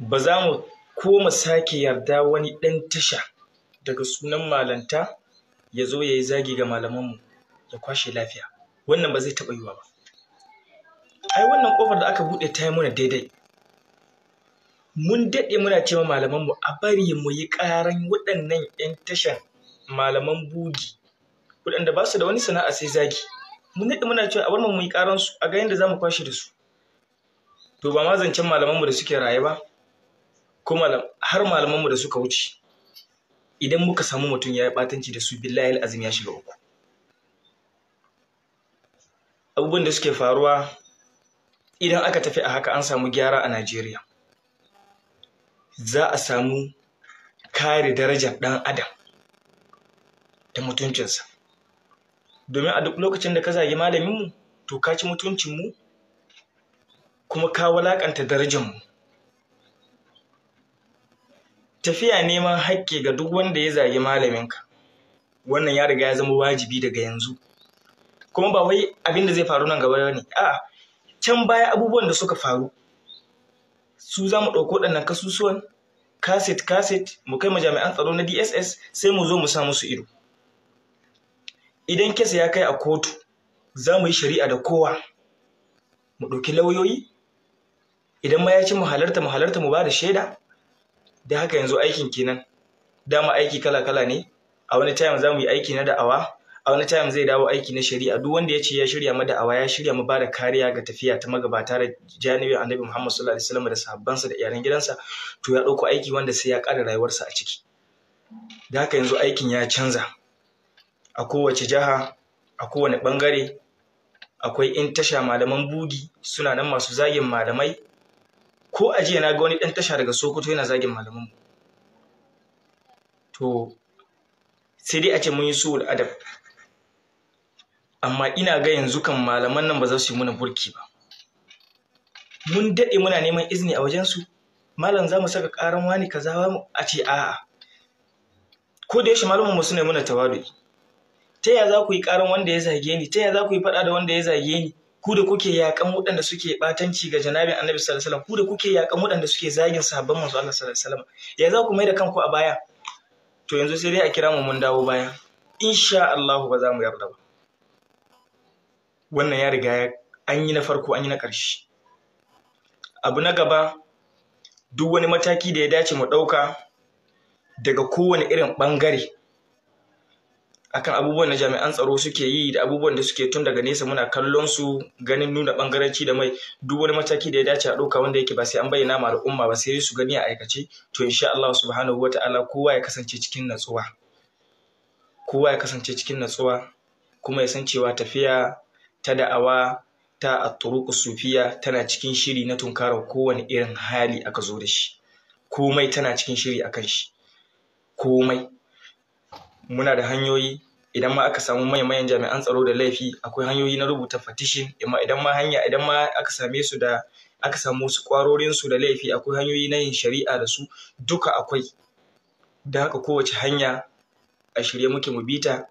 ba za mu koma sake yarda wani ɗan tasha daga sunan malanta ya zo ya yi zagi ga malamanmu ya kwashe lafiya wannan ba zai taɓa yiwa ba ai wannan ƙofar da aka buɗe ta yi mana daidai mun daɗe muna cewa malamanmu a bari mu yi ƙaran waɗannan 'yan tashan malaman bugi waɗanda ba su da wani sana'a sai zagi mun daɗe muna cewa a bari mu yi ƙaransu a ga yadda za mu kwashe da su to ba ma zancen malamanmu da suke raye ba malam har malamanmu da suka wuce idan muka samu mutum ya yi batanci da su billahi azim ya shiga uku abubuwan da suke faruwa idan aka tafi a haka an samu gyara a najeriya za a samu kare darajar dan adam da mutuncinsa domin a duk lokacin da ka zagi malaminmu to ka ci mutuncinmu kuma ka walaƙanta darajarmu tafiya neman hakki ga duk wanda ya zagi malaminka wannan ya riga ya zama wajibi daga yanzu kuma ba wai abin da zai faru nan gaba ne a can baya abubuwan da suka faru su za mu ɗauko ɗannan kasusuwan kaset kaset mu kai mu jami'an tsaro na dss sai mu zo mu sa musu ido idan kesa ya kai a kotu za mu yi shari'a da kowa mu ɗauki lauyoyi idan ma ya ci mu halarta mu halarta mu ba da shaida da haka yanzu aikin kenan dama aiki kala-kala ne a wani time za mu yi aiki na da'awa a wani time zai dawo aiki na shari'a duk wanda ya ce ya shirya ma da'awa ya shirya mu bada kariya ga tafiya ta magabata da janibi annabi Muhammad sallallahu alaihi wasallam da sahabbansa da iyalan gidansa to ya dauko aiki wanda sai ya ƙara rayuwarsa a ciki da haka yanzu aikin ya canza a kowace jiha a kowane bangare akwai in tasha malaman bugi suna nan masu zagin malamai ko a jiya na ga wani ɗan tasha daga sokoto yana zagin mu. to sai dai a ce mun yi su adab amma ina ga yanzu kan malaman nan ba za su yi muna burki ba mun daɗe muna neman izini a wajensu malam za mu saka ƙaran wani mu a ce a'a ko da yaushe malamin mu suna muna tawadu'i ta yaya za ku yi ƙaran wanda ya zage ni ta yaya za ku yi faɗa da wanda ya zage ni ku da kuke yakan waɗanda suke batanci ga janabin annabi sallallahu alaihi wasallam ku da kuke yakan waɗanda suke zagin sahabban manzo Allah sallallahu alaihi wasallam ya za ku mai da kanku a baya to yanzu sai dai a kira mu mun dawo baya insha Allah ba za mu yarda ba wannan ya riga an yi na farko an yi na ƙarshe abu na gaba duk wani mataki da ya dace mu ɗauka daga kowane irin ɓangare akan abubuwan da jami'an tsaro suke yi da abubuwan da suke tun daga nesa muna kallon su ganin nuna bangaranci da mai duk wani mataki da ya dace a ɗauka wanda yake ba sai an bayyana ma al'umma ba sai su gani a aikace to insha Allah subhanahu wata'ala kowa ya kasance cikin natsuwa kowa ya kasance cikin natsuwa kuma ya san cewa tafiya ta da'awa ta at-turuq sufiya tana cikin shiri na tunkarar kowane irin hali aka zo da shi komai tana cikin shiri akan shi komai muna da hanyoyi idan ma aka samu manyan jami'an tsaro da laifi akwai hanyoyi na rubuta fatishin idan ma hanya idan ma aka same su da aka samu su kwarorin su da laifi akwai hanyoyi na yin shari'a da su duka akwai da haka kowace hanya a shirye muke mu bita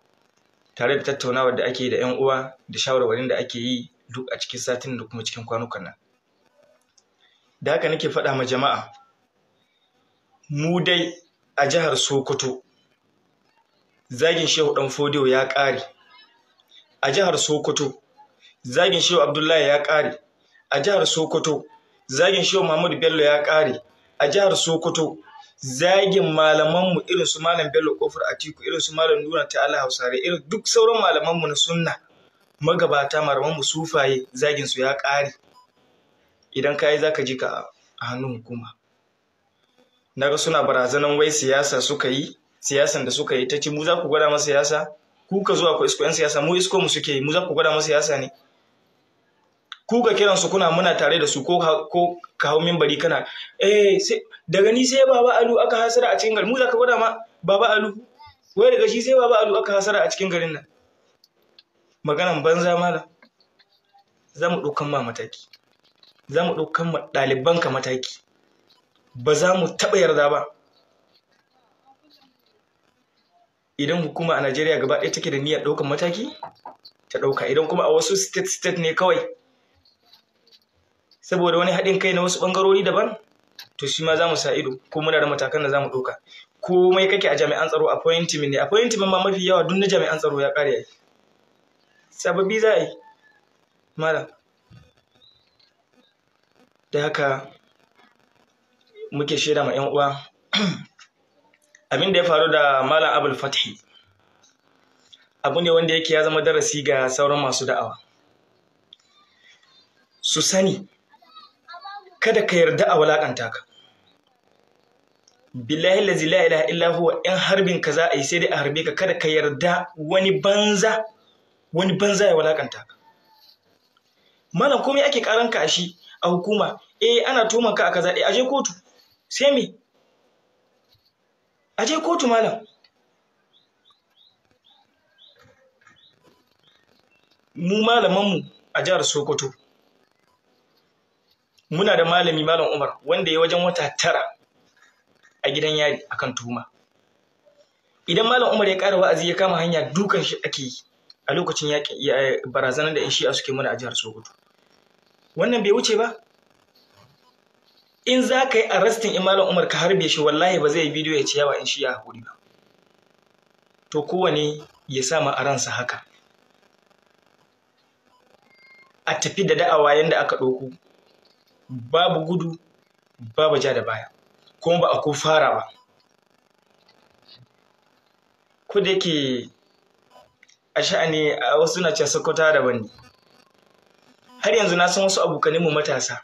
tare da tattaunawar da ake yi da 'yan uwa da shawarwarin da ake yi duk a cikin satin da kuma cikin kwanukan nan da haka nake faɗa ma jama'a mu dai a jihar sokoto zagin shehu dan fodiyo ya ƙare a jihar sokoto zagin shehu abdullahi ya ƙare a jihar sokoto zagin shehu mahmud bello ya ƙare a jihar sokoto zagin malamanmu irin su malam bello kofar atiku irin su malam nuna ta ala hausare irin duk sauran malamanmu na sunna magabata malamanmu sufaye zagin su ya ƙare idan ka yi za ka ji ka a hannun hukuma na ga suna barazanan wai siyasa suka yi siyasan da suka yi ta ce mu za ku gwada masa siyasa ku ka zuwa ku isko 'yan siyasa mu isko mu suke yi mu za ku gwada masa siyasa ne ku ka kiran su kuna muna tare da su ko ko ka hau minbari kana eh sai daga ni sai baba alu aka hasara a cikin garin mu za ka gwada ma baba alu wai daga shi sai baba alu aka hasara a cikin garin nan maganan banza mala za mu ɗaukan ma mataki za mu ɗaukan ma ɗalibanka mataki ba za mu taɓa yarda ba idan hukuma a Najeriya gaba ɗaya take da niyyar ɗaukar mataki ta ɗauka idan kuma a wasu state state ne kawai saboda wani haɗin kai na wasu ɓangarori daban to shi ma za mu sa ido ko muna da matakan da za mu ɗauka komai kake a jami'an tsaro appointment ne appointment ma mafi yawa duk na jami'an tsaro ya ƙare Sababi za a yi malam da haka muke shaida ma 'yan uwa abin da ya faru da malam abul fathi abu ne wanda yake ya zama darasi ga sauran masu da'awa su sani kada ka yarda a wulaƙanta ka billahi lazi la ilaha illa huwa in harbin ka za a yi sai dai a harbe ka kada ka yarda wani banza wani banza ya wulaƙanta ka malam komai ake karanka a shi a hukuma eh ana tuman ka a kaza eh aje kotu sai me a je kotu malam mu malamanmu a jihar sokoto muna da malami malam umar wanda ya wajen wata tara a gidan yari akan tuhuma idan malam umar ya ƙara wa'azi ya kama hanya dukan shi ake yi a lokacin eh, barazanar da shi shi'a suke muna a jihar sokoto wannan bai wuce ba in za ka yi arrestin imalan umar ka harbe shi wallahi ba zai yi bidiyo ya ce yawa in shi ya haƙuri ba to kowane ya sa ma a ransa haka a tafi da da'awa yadda aka ɗauko babu gudu babu ja da baya kuma ba a ko fara ba ko da yake a sha'ani a wasu na ce sakwata da ne har yanzu na san wasu abokanin mu matasa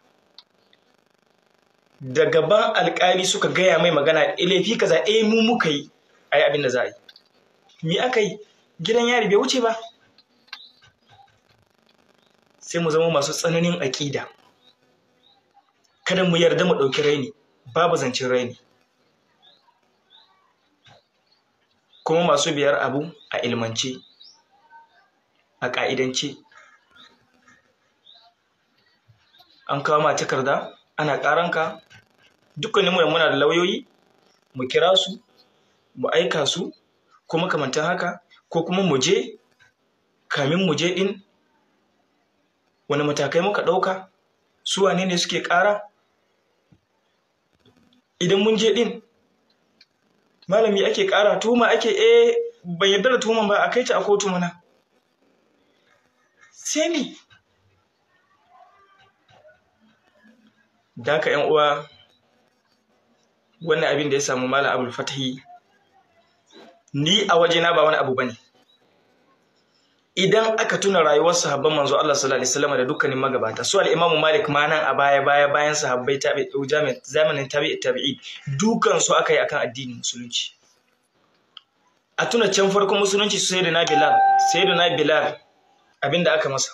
da gaban alkali suka gaya mai magana eh, laifi kaza eh mu muka yi a yi abin za a yi me aka yi gidan yari bai wuce ba sai mu zama masu tsananin aƙida kada mu yarda mu ɗauki raini babu zancen raini kuma masu biyar abu a ilmance a ƙa'idance an kawo ma takarda ana ƙaranka dukkaninmu da muna da lauyoyi mu kira su mu aika su ko makamantan haka ko kuma mu je kamin mu je ɗin wani matakai muka ɗauka su wane ne suke ƙara idan mun je ɗin malami ake ƙara tuhuma ake eh ban yarda da tuhuman ba a kai ta a kotu mana sai ni don haka yan uwa wannan abin da ya samu malam abul fatahi ni a wajena ba wani abu bane idan aka tuna rayuwar sahabban manzo Allah sallallahu alaihi wasallam da dukkanin magabata su al-Imam Malik ma nan a baya baya bayan sahabbai tabi'i zamanin tabi'i tabi'i dukkan su aka yi akan addinin musulunci a tuna can farkon musulunci su sayyidina Bilal sayyidina Bilal abinda aka masa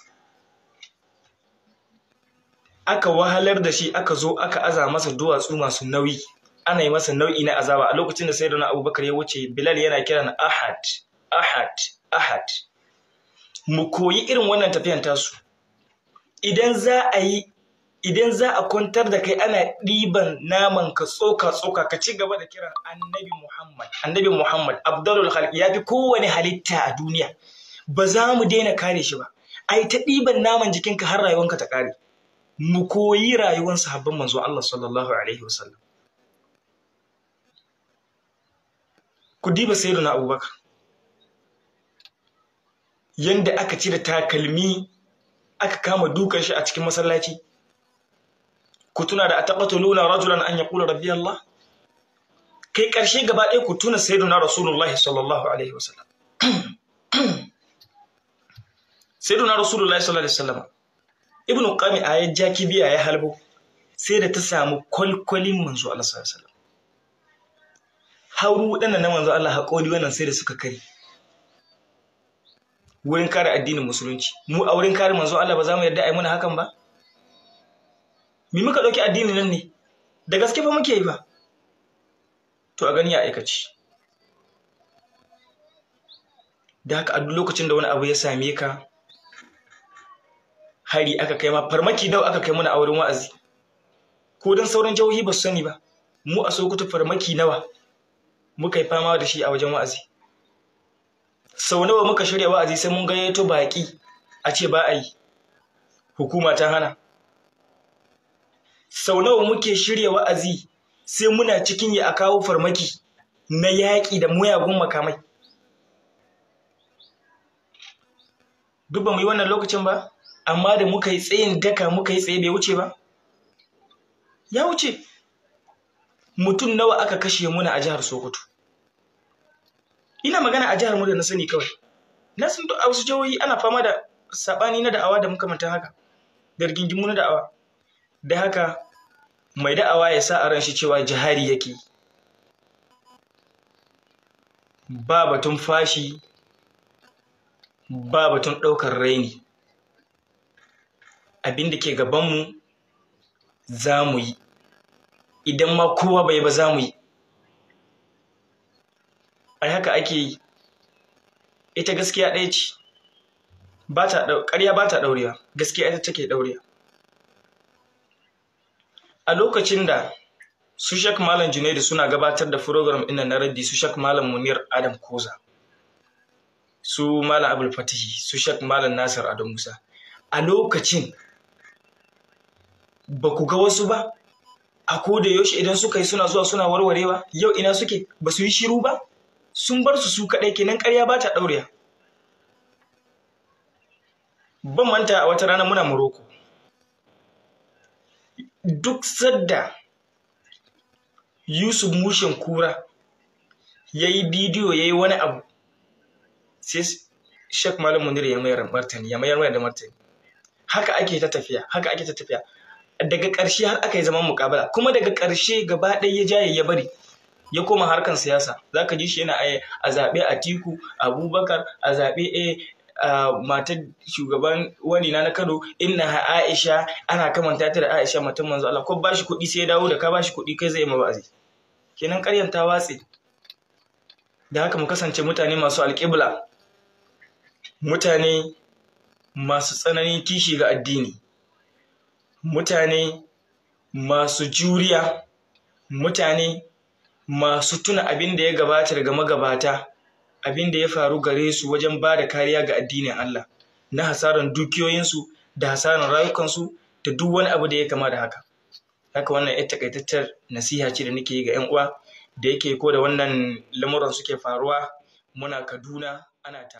aka wahalar da shi aka zo aka aza masa duwatsu masu nauyi ana yi masa nau'i na azaba a lokacin da sayyidina abubakar ya wuce bilal yana kiran ahad ahad ahad mu koyi irin wannan tafiyan tasu idan za a yi idan za a kwantar da kai ana ɗiban naman ka tsoka tsoka ka ci gaba da kiran annabi muhammad annabi muhammad abdulul khalq ya fi kowane halitta a duniya ba za mu daina kare shi ba ai ta ɗiban naman jikinka har rayuwanka ta kare mu koyi rayuwar sahabban manzo Allah sallallahu alaihi wasallam ku diba sayyidina Abubakar yanda aka ci da takalmi aka kama dukan shi a cikin masallaci ku tuna da ataqatuluna rajulan an yaqula rabbi Allah kai karshe gaba ɗaya ku tuna sayyidina rasulullahi sallallahu alaihi wasallam sayyidina rasulullahi sallallahu alaihi wasallam ibn a ya ja kibiya ya halbo sai da ta samu kwalkwalin manzo Allah sallallahu alaihi hauru dana na manzo Allah haƙori wannan sai da suka kai wurin kare addinin musulunci mu a wurin kare manzo Allah ba za mu yarda ai muna hakan ba mi muka ɗauki addinin nan ne da gaske fa muke yi ba to a gani ya aikaci da haka a duk lokacin da wani abu ya same ka hari aka kai ma farmaki nawa aka kai mana a wurin wa'azi ko dan sauran jihohi ba su sani ba mu a Sokoto farmaki nawa muka yi fama da shi a wajen wa'azi sau nawa muka shirya wa'azi sai mun gayyato baƙi a ce ba a yi hukuma ta hana sau nawa muke shirya wa'azi sai muna cikin ya a kawo farmaki na yaƙi da muyagun makamai duk ba mu yi wannan lokacin ba amma da muka yi tsayin daka muka yi tsaye bai wuce ba ya wuce mutum nawa aka kashe muna a jihar sokoto ina magana a jihar mu na sani kawai na san a wasu jihohi ana fama da sabani na da'awa da manta haka da rigingimu na da'awa da haka mai da'awa ya sa a ran shi cewa jihari yake ba batun fashi ba batun ɗaukar raini abin da ke gabanmu za mu yi idan ma kowa bai ba za mu yi ai haka ake yi ita gaskiya ɗaya ce ƙarya ba ta ɗaurewa gaskiya ita take ɗaurewa a lokacin da su shak malam junaidu suna gabatar da program ina na raddi su shak malam munir adam koza su malam abul fatihi su shak malam nasir adam musa a lokacin ba ku ga wasu ba a ko da yaushe idan suka yi suna zuwa suna warwarewa yau ina suke ba su yi shiru ba sun bar su su kaɗai kenan ƙarya ba ta ɗaurewa ban manta a wata rana muna Morocco duk sadda Yusuf Mushin Kura ya yi bidiyo ya yi wani abu sai Sheikh Malam Munir ya mayar martani ya mayar da martani haka ake ta tafiya haka ake ta tafiya daga ƙarshe har aka yi zaman mukabala kuma daga ƙarshe gaba ɗaya ya jaye ya bari ya koma harkan siyasa za ka ji shi yana eh, a zaɓe atiku abubakar a zaɓe eh, a matar shugaban wani na Kano inna Aisha ana kamanta ta da Aisha mutum manzo Allah ko bashi kuɗi sai ya dawo da ka bashi kuɗi kai zai ma ba'azi kenan ƙaryan ta watse da haka mu kasance mutane masu alƙibla mutane masu tsananin kishi ga addini mutane masu juriya mutane masu tuna abin da ya gabata daga magabata abin da ya faru gare su wajen ba da kariya ga addinin Allah na hasaran dukiyoyinsu da hasaran rayukansu da duk wani abu da ya kama da haka haka wannan 'yar takaitattar nasiha ce da nake yi ga 'yan uwa da yake ko da wannan lamuran suke faruwa muna kaduna ana ta